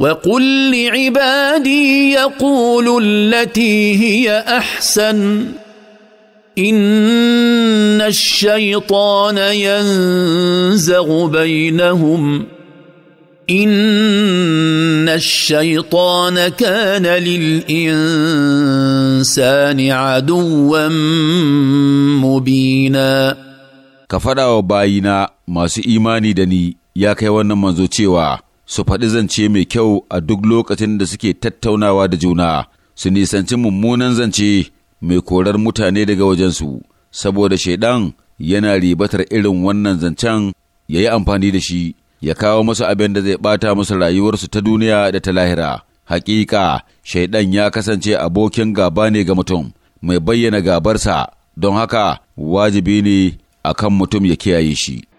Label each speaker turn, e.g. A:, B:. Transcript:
A: وقل لعبادي يقولوا التي هي احسن ان الشيطان ينزغ بينهم ان الشيطان كان للانسان عدوا مبينا كفروا
B: باينا masu imani da ni ya kai wannan manzo cewa su faɗi zance mai kyau a duk lokacin da suke tattaunawa da juna, su nisanci mummunan zance mai korar mutane daga wajensu, saboda shaidan yana ribatar irin wannan zancen ya yi amfani da shi, ya kawo masu abin da zai ɓata musu rayuwarsu ta duniya da ta lahira. Hakika, shaidan ya kasance abokin gaba ne ga mutum, mai bayyana gabarsa, don haka wajibi ne a kan mutum ya kiyaye
C: shi.